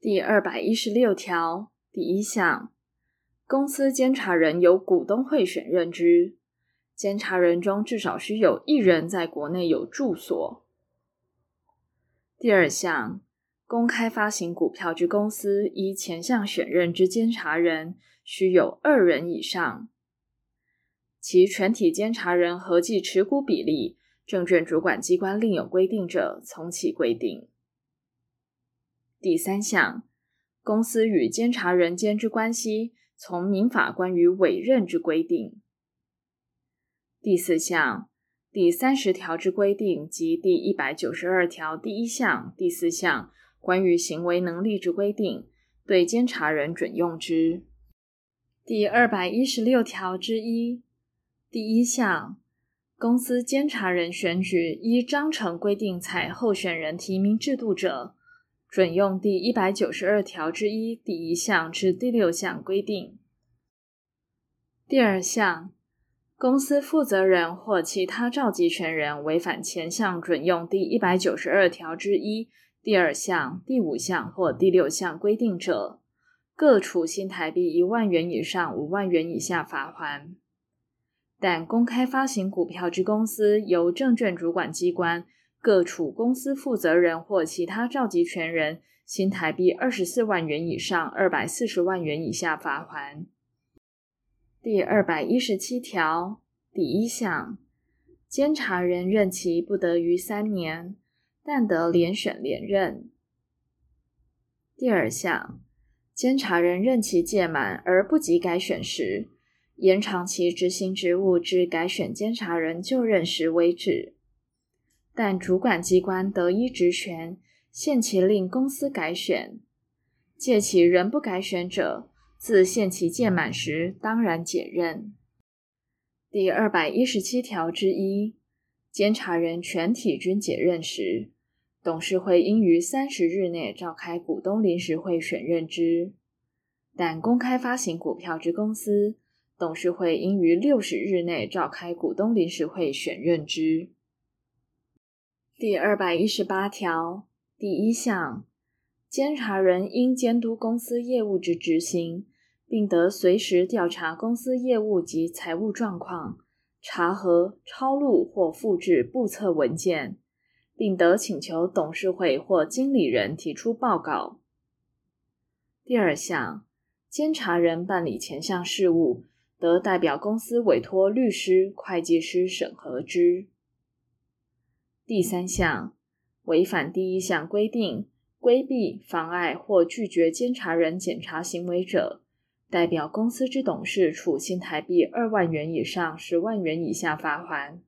第二百一十六條第一項，公司監察人由股東會選任之，監察人中至少需有一人在國內有住所。第二項，公開發行股票之公司，依前項選任之監察人，需有二人以上，其全體監察人合計持股比例，證券主管機關另有規定者，從其規定。第三項，公司與監察人間之關係，從民法關於委任之規定；第四項，第三十條之規定及第一百九十二條第一項、第四項關於行為能力之規定，對監察人準用之。第二百一十六條之一，第一項，公司監察人選舉依章程規定採候選人提名制度者，準用第一百九十二條之一第一項至第六項規定。第二項，公司負責人或其他召集權人違反前項準用第一百九十二條之一第二項、第五項或第六項規定者，各處新台幣一萬元以上五萬元以下罰鍰。但公開發行股票之公司，由證券主管機關。各處公司負責人或其他召集權人，新台幣二十四萬元以上二百四十萬元以下罰鍰。第二百一十七條第一項，監察人任期不得逾三年，但得連選連任。第二項，監察人任期屆滿而不及改選時，延長其執行職務至改選監察人就任時為止。但主管機關得依職權限期令公司改選，屆期仍不改選者，自限期屆滿時當然解任。第二百一十七條之一，監察人全體均解任時，董事會應於三十日內召開股東臨時會選任之；但公開發行股票之公司，董事會應於六十日內召開股東臨時會選任之。第二百一十八條第一項，監察人應監督公司業務之執行，並得隨時調查公司業務及財務狀況，查核、抄錄或複製簿冊文件，並得請求董事會或經理人提出報告。第二項，監察人辦理前項事務，得代表公司委托律師、會計師審核之。第三項，違反第一項規定，規避、妨礙或拒絕監察人檢查行為者，代表公司之董事處新台幣二萬元以上十萬元以下罰鍰。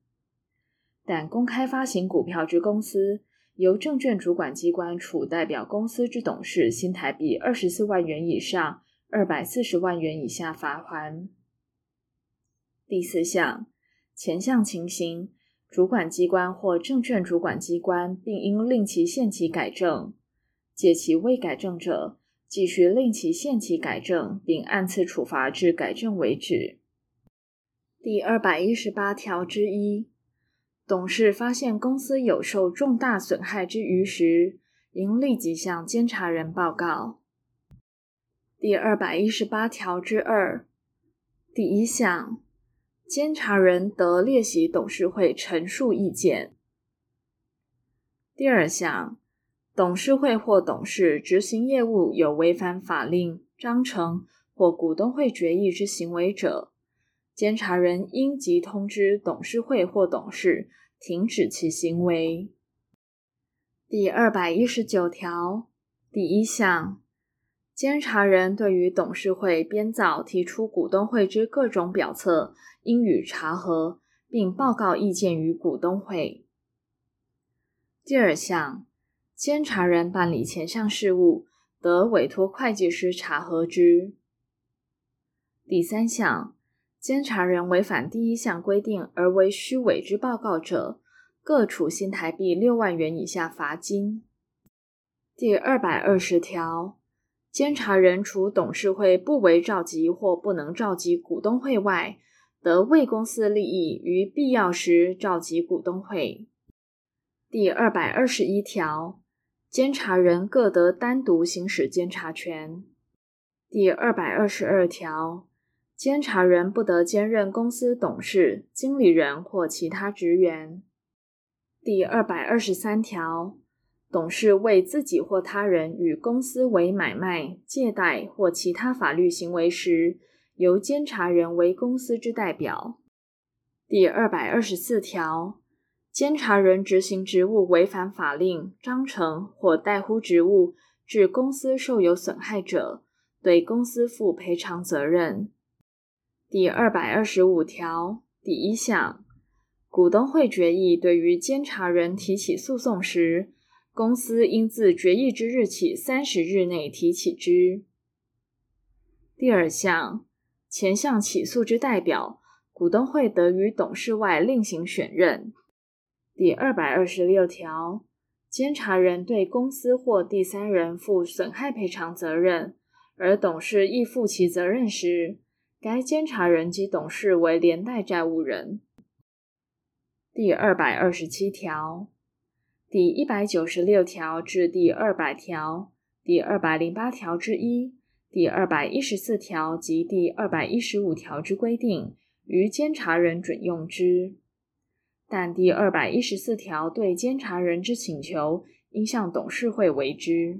但公開發行股票之公司，由證券主管機關處代表公司之董事新台幣二十四萬元以上二百四十萬元以下罰鍰。第四項，前項情形。主管機關或證券主管機關，並應令其限期改正；屆期未改正者，繼續令其限期改正，並按次處罰至改正為止。第二百一十八條之一，董事發現公司有受重大損害之虞時，應立即向監察人報告。第二百一十八條之二，第一項。監察人得列席董事會陳述意見。第二項，董事會或董事執行業務有違反法令、章程或股東會決議之行為者，監察人應即通知董事會或董事停止其行為。第二百一十九條第一項。監察人對於董事會編造提出股東會之各種表冊，應予查核，並報告意見於股東會。第二項，監察人辦理前項事務，得委託會計師查核之。第三項，監察人違反第一項規定而為虛偽之報告者，各處新台幣六萬元以下罰金。第二百二十條。監察人除董事會不為召集或不能召集股東會外，得為公司利益於必要時召集股東會。第二百二十一條，監察人各得單獨行使監察權。第二百二十二條，監察人不得兼任公司董事、經理人或其他職員。第二百二十三條。董事為自己或他人與公司為買賣、借貸或其他法律行為時，由監察人為公司之代表。第二百二十四條，監察人執行職務違反法令、章程或怠忽職務，致公司受有損害者，對公司負賠償責任。第二百二十五條第一項，股東會決議對於監察人提起訴訟時。公司應自決議之日起三十日內提起之。第二項，前項起訴之代表，股東會得於董事外另行選任。第二百二十六條，監察人對公司或第三人負損害賠償責任，而董事亦負其責任時，該監察人及董事為連帶債務人。第二百二十七條。第一百九十六條至第二百條、第二百零八條之一、第二百一十四條及第二百一十五條之規定，於監察人準用之。但第二百一十四條對監察人之請求，應向董事會為之。